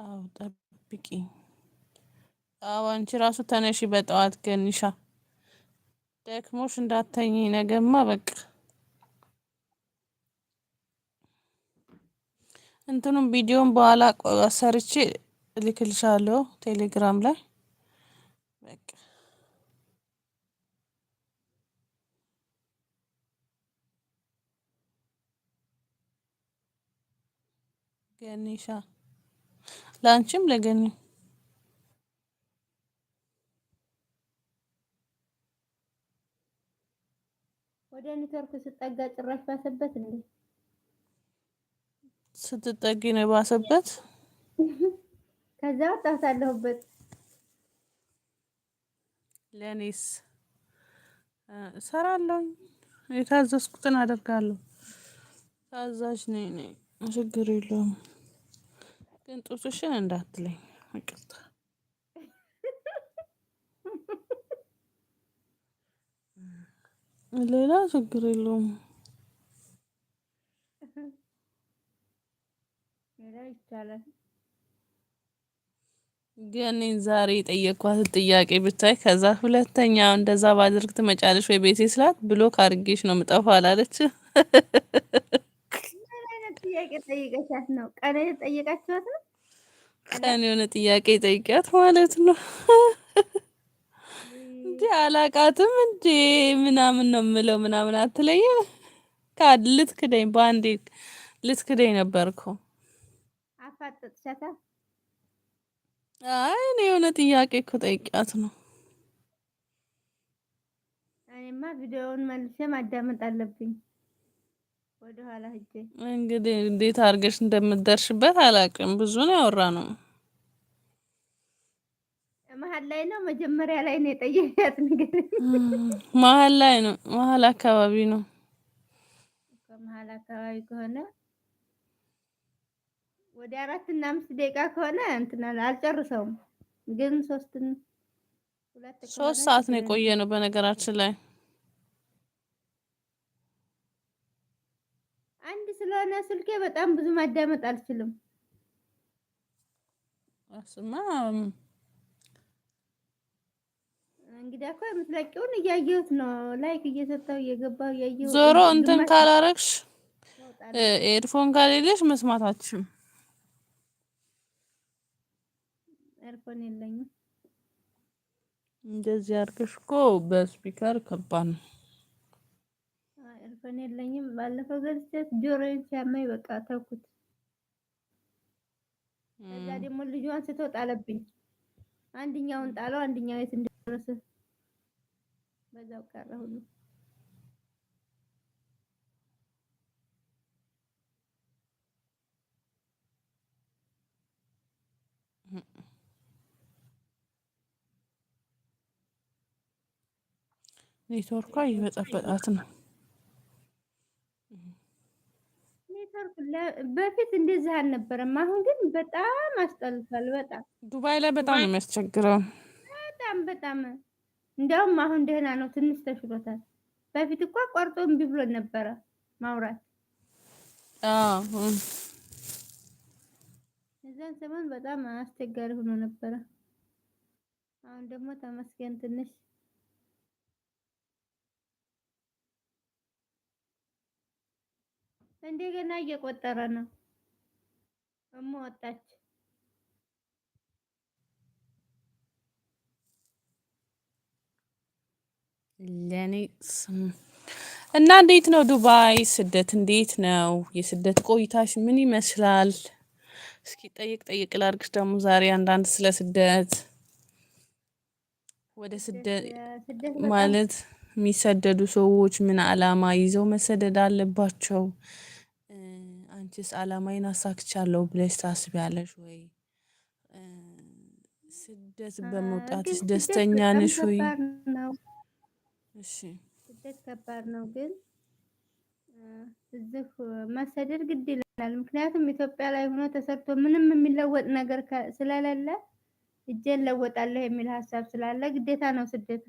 አዎ ጠብቂ አዎ አንቺ ራሱ ተነሺ በጠዋት ገንሻ ደክሞሽ እንዳተኝ ነገማ በቃ እንትኑም ቪዲዮን በኋላ ሰርቼ እልክልሻለሁ ቴሌግራም ላይ ገኒሻ ለአንቺም ለገኒ ወደ ኔትወርክ ስጠጋ ጭራሽ ባሰበት እንዴ! ስትጠጊ ነው ባሰበት። ከዛ ወጣት ለኔስ ለእኔስ እሰራለሁኝ፣ የታዘዝኩትን አደርጋለሁ። ታዛዥ ነኝ እኔ፣ ችግር የለውም። ግን ጡትሽን እንዳትለኝ ይቅርታ። ሌላ ችግር የለውም። ግን ዛሬ የጠየኳትን ጥያቄ ብታይ፣ ከዛ ሁለተኛ እንደዛ ባደርግ ትመጫለሽ ወይ ቤቴ ስላት ብሎክ አድርጌሽ ነው የምጠፋው አላለች። ጠይቀሻት ነው? ቀን የጠየቃችኋት ነው? ቀን የሆነ ጥያቄ ጠይቂያት ማለት ነው። እንዲ አላቃትም እንዲ ምናምን ነው የምለው ምናምን አትለየ ካድ ልትክደኝ በአንዴ ልትክደኝ ነበርኩ። አፋጠጥሻታ? አይ እኔ የሆነ ጥያቄ እኮ ጠይቂያት ነው። እኔማ ቪዲዮውን መልሼ ማዳመጥ አለብኝ። እንግዲህ እንዴት አድርገሽ እንደምትደርሽበት አላውቅም። ብዙ ነው ያወራነው። መሀል ላይ ነው መጀመሪያ ላይ ነው የጠየቅያት ነገር መሀል ላይ ነው መሀል አካባቢ ነው መሀል አካባቢ ከሆነ ወደ አራት እና አምስት ደቂቃ ከሆነ እንትን አልጨርሰውም፣ ግን ሶስት ሁለት ሶስት ሰዓት ነው የቆየ ነው በነገራችን ላይ ስለሆነ ስልኬ በጣም ብዙ ማዳመጥ አልችልም። እሱማ እንግዲያ እኮ የምትለቂውን እያየሁት ነው። ላይክ እየሰጠው እየገባው እያየሁት ዞሮ እንትን ካላረግሽ ኤርፎን ካሌለሽ መስማታችም ኤርፎን የለኝም። እንደዚህ አድርገሽ እኮ በስፒከር ከባድ ነው። ሄድፎን የለኝም። ባለፈው ገዝቼት ጆሮዬን ሲያማኝ በቃ ተውኩት። እዛ ደግሞ ልጇን ስቶ ጣለብኝ። አንድኛውን ጣለው፣ አንድኛው የት እንደደረሰ በዛው ቀረ ሁሉ። ኔትወርኳ እየበጠበጣት ነው። በፊት እንደዚህ አልነበረም። አሁን ግን በጣም አስጠልቷል። በጣም ዱባይ ላይ በጣም ነው የሚያስቸግረው። በጣም በጣም እንዲያውም አሁን ደህና ነው፣ ትንሽ ተሽሎታል። በፊት እኳ ቆርጦ እምቢ ብሎ ነበረ ማውራት። እዛን ሰሞን በጣም አስቸጋሪ ሆኖ ነበረ። አሁን ደግሞ ተመስገን ትንሽ እንደገና እየቆጠረ ነው። እመወጣች ለኔ እና እንዴት ነው ዱባይ ስደት? እንዴት ነው የስደት ቆይታሽ? ምን ይመስላል? እስኪ ጠይቅ ጠይቅ ላድርግሽ ደግሞ ዛሬ አንዳንድ ስለ ስደት ወደ ስደት ማለት የሚሰደዱ ሰዎች ምን አላማ ይዘው መሰደድ አለባቸው? አንቺስ አላማዬን አሳክቻለሁ ብለሽ ታስቢያለሽ ወይ? ስደት በመውጣትሽ ደስተኛ ነሽ ወይ? እሺ ስደት ከባድ ነው፣ ግን እዚህ መሰደድ ግድ ይለናል። ምክንያቱም ኢትዮጵያ ላይ ሆኖ ተሰርቶ ምንም የሚለወጥ ነገር ስለሌለ እጄን ለወጣለሁ የሚል ሀሳብ ስላለ ግዴታ ነው ስደት